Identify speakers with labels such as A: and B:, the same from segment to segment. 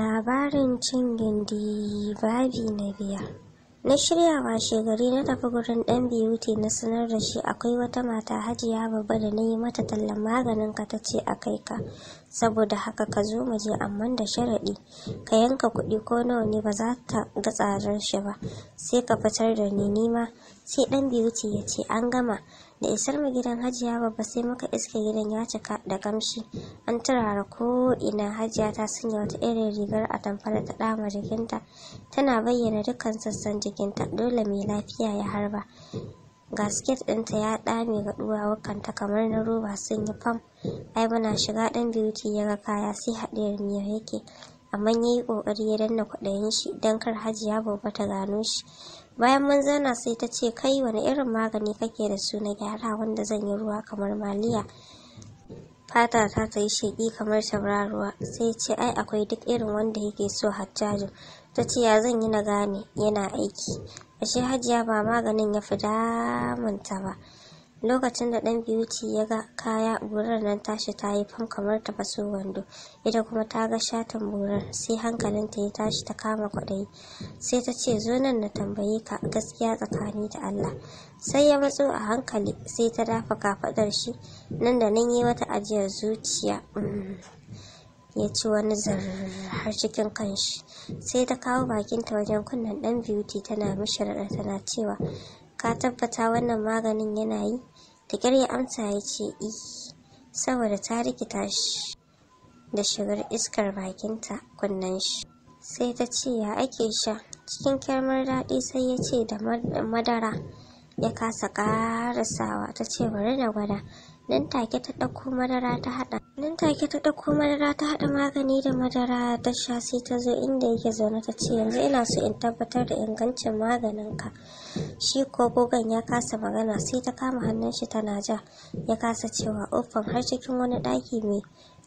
A: Labarin cin gindi babi na biya. Na shirya wa gari na tafi gurin ɗan biyuti na sanar da shi akwai wata mata hajiya babba da na yi mata tallan maganin ka ta ce a kai ka. saboda haka ka zo mu je amma da sharaɗi ka yanka kuɗi ko nawa ne ba za ta ga tsadar shi ba sai ka fitar da ni nima sai ɗan ce ya ce an gama da isar mu gidan hajiya babba sai muka iske gidan ya cika da kamshi an turara ko ina hajiya ta sanya wata irin rigar a tamfara ta dama jikinta tana bayyana dukkan sassan jikinta dole mai lafiya ya harba ga sket ɗinta ya ɗame ga ɗuwawar kamar na roba sun yi fam ai muna shiga ɗan beauty ya ga kaya sai haɗiyar miyar yake amma ya yi ƙoƙari ya danna kwaɗayin shi don kar hajiya babba ta gano shi bayan mun zana sai ta ce kai wani irin magani kake da su na gyara wanda zan yi ruwa kamar maliya fata ta ta yi sheƙi kamar tabraruwa sai ce ai akwai duk irin wanda yake so hajjaju ta ce ya zan yi na gane yana aiki ashe hajiya ba maganin ya fi damunta ba lokacin da dan beauty ya ga kaya burar nan tashi ta yi fam kamar ta faso wando ita kuma ta ga shatin burar sai hankalinta ya tashi ta kama kwaɗayi sai ta ce zo nan na tambaye ka gaskiya tsakani da allah sai ya matso a hankali sai ta dafa kafaɗar shi nan da nan yi wata ajiyar zuciya mm. ya ci wani zar har cikin kanshi sai ta kawo bakinta wajen kunnen dan beauty tana mishi tana cewa ka tabbata wannan maganin yana yi ta ƙyar ya amsa ya ce i eh, saboda ta rikita shi da shigar iskar bakinta kunnen shi sai ta ce ya ake sha cikin kyarmar daɗi sai ya ce da madara ya kasa ƙarasawa ta ce bari na gwada nan take ta ɗauko madara ta haɗa nan take ta ɗauko madara ta haɗa magani da madara ta sha sai ta zo inda yake zaune ta ce yanzu ina so in tabbatar da ingancin maganinka shi ko gogon ya kasa magana sai ta kama hannun shi tana ja ya kasa cewa ofan har cikin wani ɗaki mai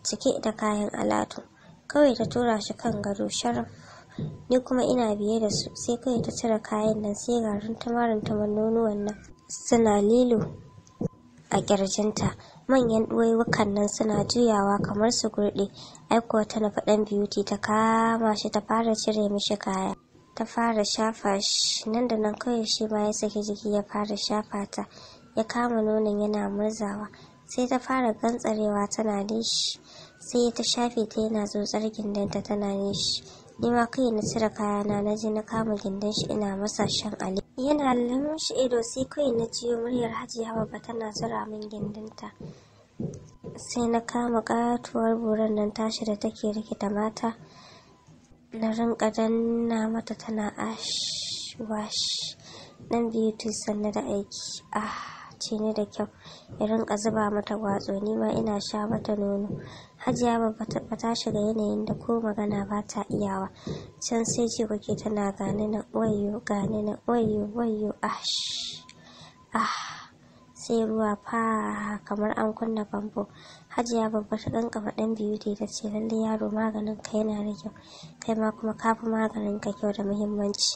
A: cike da kayan al'adu kawai ta tura shi kan gado sharaf ni kuma ina biye da su sai kawai ta cire kayan nan sai garin tamarin ta nonuwan nan suna lilo a ƙirjinta manyan ɗuwaiwukan nan suna juyawa kamar su gurɗe Aiko, ta na faɗan beauty ta kama shi ta fara cire mishi kaya ta fara shafa shi nan da nan kawai shi ma ya saki jiki ya fara shafa ta ya kama nonon yana murzawa sai ta fara gantsarewa tana nishi sai ta shafe ta yana tsotsar gindanta tana nishi ni ma kai na cire kayana na je na kama gindan shi ina masa shan ale yana lamshi ido sai kawai na jiyo muryar hajiya ba tana zura min gindinta sai na kama katuwar buran nan tashi da take rikita mata na rinka danna mata tana ash wash nan biyu tun da aiki ah ce ni da kyau ya ka zuba mata gwatso ni ma ina sha mata nono hajiya ba ta shiga yanayin da ko magana ba ta iyawa can sai ce kuke tana gane na wayo gane na wayo wayo ah sai ruwa fa kamar an kunna famfo hajiya babba ta dan kafa dan biyu da ta ce lalle yaro maganin ka yana da kyau kai ma kuma kafi maganin ka kyau da muhimmanci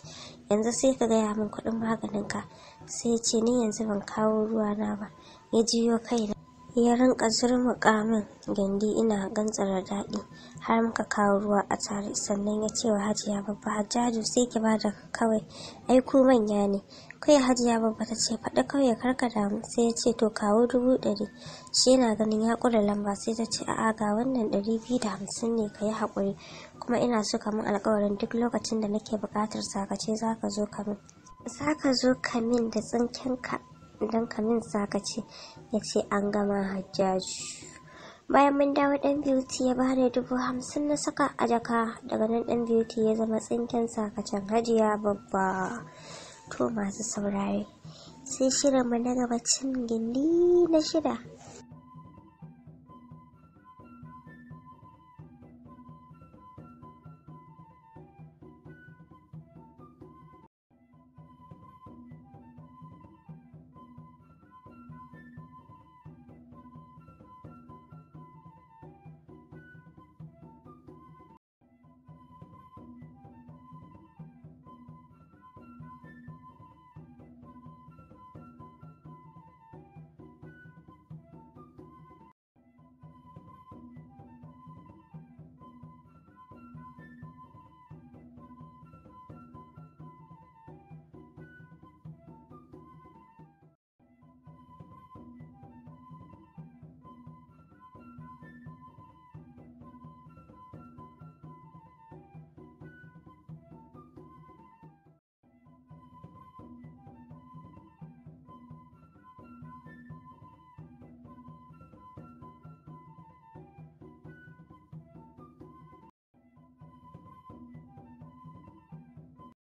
A: yanzu sai ka gaya min kuɗin maganinka sai ya ce ni yanzu ban kawo ruwa na ba ya jiyo kaina ya rinka zurmuƙa min gandi ina gantsarar daɗi har muka kawo ruwa a tare sannan ya ce wa hajiya babba hajjaju sai ki bada kawai ai ku manya ne kai hajiya babba ta ce faɗi kawai karka damu sai ya ce to kawo dubu ɗari shi yana ganin ya ƙura lamba sai ta ce a'a ga wannan ɗari biyu da hamsin ne ka yi haƙuri kuma ina so ka min alƙawarin duk lokacin da nake buƙatar sakace za ka zo ka min za ka zo ka min da ka. dankalin sa ka ce ya ce an gama hajjaji bayan mun dawo dan beauty ya bani dubu hamsin na saka a jaka daga nan dan beauty ya zama tsinken sakacin hajiya babba to masu saurare sai shirinmu na gaba gindi na shida